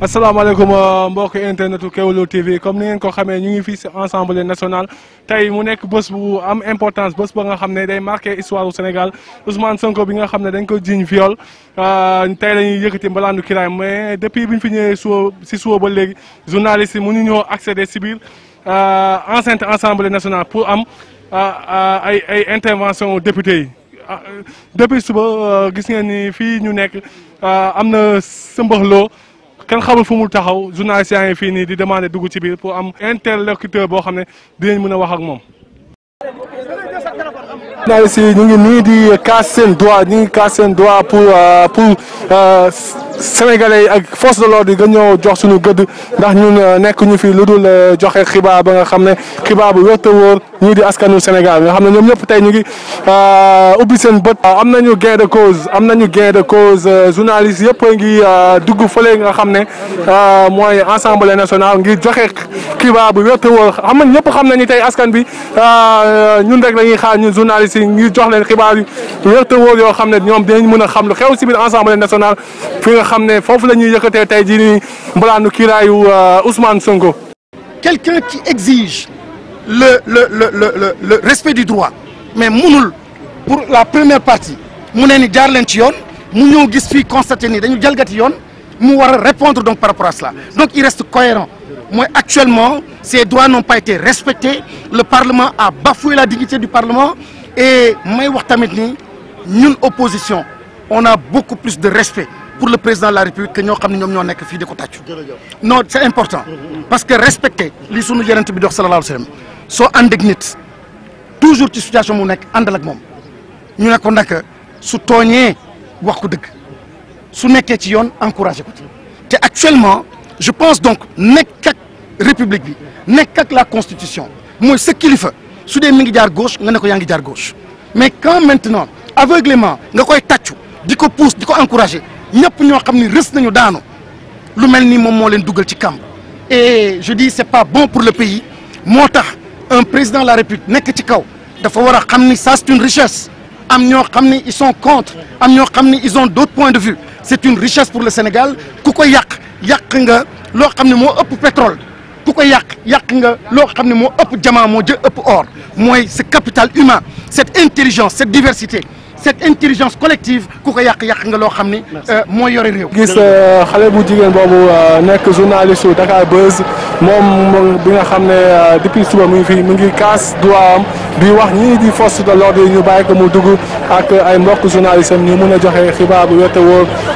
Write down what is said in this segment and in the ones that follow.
asalaamaaleykum euh, mbok internetu Kewlo TV comme ni ngeen ko xamé ñu ngi fi ci ensemble national tay mu nekk bés bu am importance bés ba nga xamné day marqué histoire du Sénégal Ousmane Sonko bi nga xamné dañ ko djign viol euh, tey la ñuy yëkkati mbalaandu kiray mais depuis bi fi ñëwé suba si suba ba léegi journalistes ñu ñoo accéder bir euh enceinte ensemble national pour am euh, ay ay intervention député ah, depuis suba gis ngeen ni fi ñu nekk am sembaxlo كان خامل في ملتحو زون عايسي عايسي عايسي دي دماني دوغو تبير بو عم انتر لكتور بو دين منا واحق journalistes yi ñu ngi nii di kaas seen droit ñu ngi kaas seen droit pour euh, pour euh, sénégalais yi ak force de l'ordre yi gën ñoo jox suñu gëdd ndax ñu euh, nekk ñu fi lu dul joxe xibaar ba nga xam ne xibaar bu wér te wóor di askanu Sénégal nga xam ne ñoom ñëpp tey ñu ngi ubbi seen bët. am nañu gain de am nañu gain de cause journalistes yëpp a ngi dugg fële nga xam ne mooy Assemblée national ngi joxe xibaar bu wér te wóor xam nga ñëpp xam nañu tey askan bi ñun rek la xaar ñun journalistes si ñu jox leen xibaar yu wér te wóor yoo xam ne a xam lu xew si biir Assemblée nationale fi nga xam ne foofu la ñuy yëkkatee tey jii nii mbalaanu kiiraayu euh, Ousmane Sonko. quelqu'un qui exige le le le le le respect du droit mais munul pour la première partie mu ne ni jaar leen ci yoon mu ñëw gis fii constaté ni dañu jalgati yoon mu war répondre donc par rapport à cela donc il reste cohérent mooy actuellement ces droits n'ont pas été respectés le Parlement a bafoué la dignité du Parlement et je wax tamit ni opposition on a beaucoup plus de respect pour le président de la république que ñoo xam ne de ñoo non c'est important parce que respecter ce que nous avons dox c'est alayhi wa sallam des toujours situation ne actuellement je pense donc la république la constitution ce qu'il fait su mingi mi gauche nga ne ko yaa gauche mais quand maintenant aveuglément nga koy tatchu diko pousse diko encourager ñep ñoo xamni ni nañu daanu lu melni mom mo len duggal ci camp et je dis c'est pas bon pour le pays motax un président de la République nek ci kaw dafa wara xamni ça c'est une richesse am ñoo xamni ils sont contre am ñoo xamni ils ont d'autres points de vue c'est une richesse pour le Sénégal ku ko yak yak nga lo xamni mo moo pétrole ku ko yak yàq nga lo xam mo upp ëpp mo moo upp or moy ce capital humain cette intelligence cette diversité cette intelligence collective ku ko yak yàq nga lo xam ni euh, mooy yore rew gis euh, xalé bu jigen bobu euh, nek journaliste Dakar Buzz mom bi nga xamné depuis suba mu ngi fi mu ngi casse droit di wax ñii di force de l'ordre yi ñu bàyyi ko mu dugg ak ay mbokk journaliste am mu mun a joxe xibaar bu wér te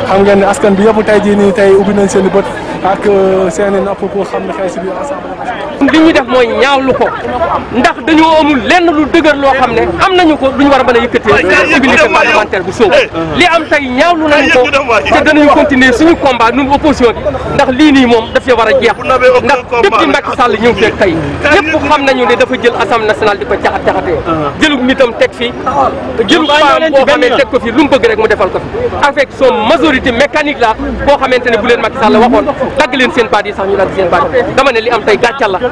xam ngeen ne askan bi yëpp tey jii nii tey ubbi nañ seen i bët ak euh, seen napp nopp pour xam ne xew si biir assemblée li ñuy def mooy ñaawlu ko ndax dañoo amul lenn lu dëgër loo xam ne am nañu ko duñu war a mën a yëkkatee civilité parlementaire bu soow li am tey ñaawlu nañu ko te danañu continuer suñu combat ñun bi ndax lii nii moom daf war a jeex ndax depuis Macky Sall ñëw fekk tey ñëpp xam nañu ne dafa jël assemblée nationale di ko caxat caxatee jëlug nitam teg fi jël faam boo xamee teg ko fi lu mu bëgg rek mu defal ko fi avec son majorité mécanique la boo xamante ne bu leen Macky waxoon dagg leen seen baat yi sax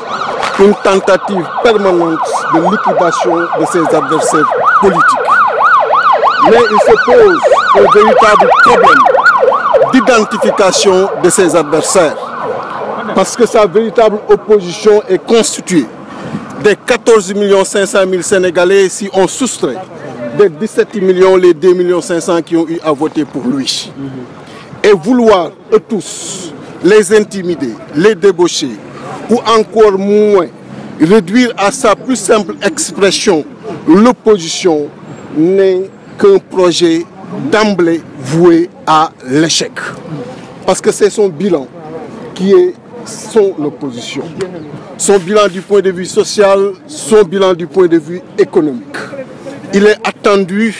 une tentative permanente de liquidation de ses adversaires politiques. Mais il se pose un véritable problème d'identification de ses adversaires, parce que sa véritable opposition est constituée des 14 500 000 Sénégalais si on soustrait des 17 millions les 2 500 qui ont eu à voter pour lui. Et vouloir eux tous les intimider, les débaucher, ou encore moins réduire à sa plus simple expression l'opposition n'est qu'un projet d'emblée voué à l'échec. Parce que c'est son bilan qui est son opposition. Son bilan du point de vue social, son bilan du point de vue économique. Il est attendu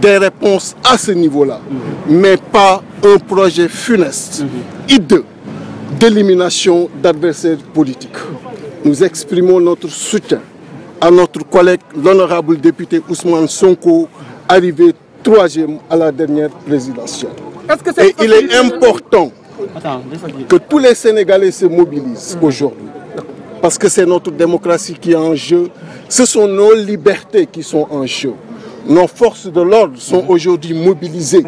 des réponses à ce niveau-là, mais pas un projet funeste, hideux, d'élimination d'adversaires politiques nous exprimons notre soutien à notre collègue, l'honorable député Ousmane Sonko, arrivé troisième à la dernière présidentielle. Et il est important que tous les Sénégalais se mobilisent hmm. aujourd'hui. Parce que c'est notre démocratie qui est en jeu. Ce sont nos libertés qui sont en jeu. Nos forces de l'ordre sont hmm. aujourd'hui mobilisées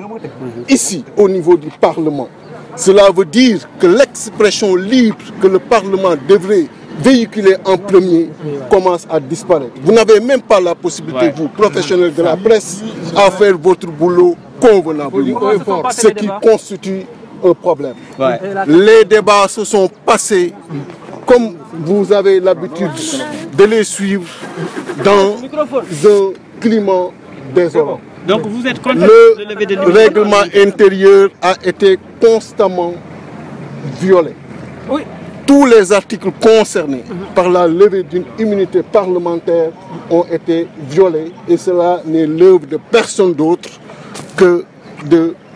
ici au niveau du Parlement. Cela veut dire que l'expression libre que le Parlement devrait véhiculés en premier commence à disparaître. Vous n'avez même pas la possibilité, vous, professionnels de la presse, à faire votre boulot convenablement, ce qui constitue un problème. Les débats se sont passés comme vous avez l'habitude de les suivre dans un climat désolant. Donc vous êtes contre le règlement intérieur a été constamment violé. Oui tous les articles concernés par la levée d'une immunité parlementaire ont été violés et cela n'est l'œuvre de personne d'autre que de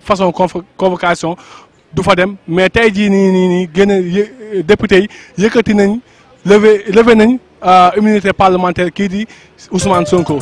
façon convocation du mais les députés députés ont parlementaire qui dit Ousmane Sonko.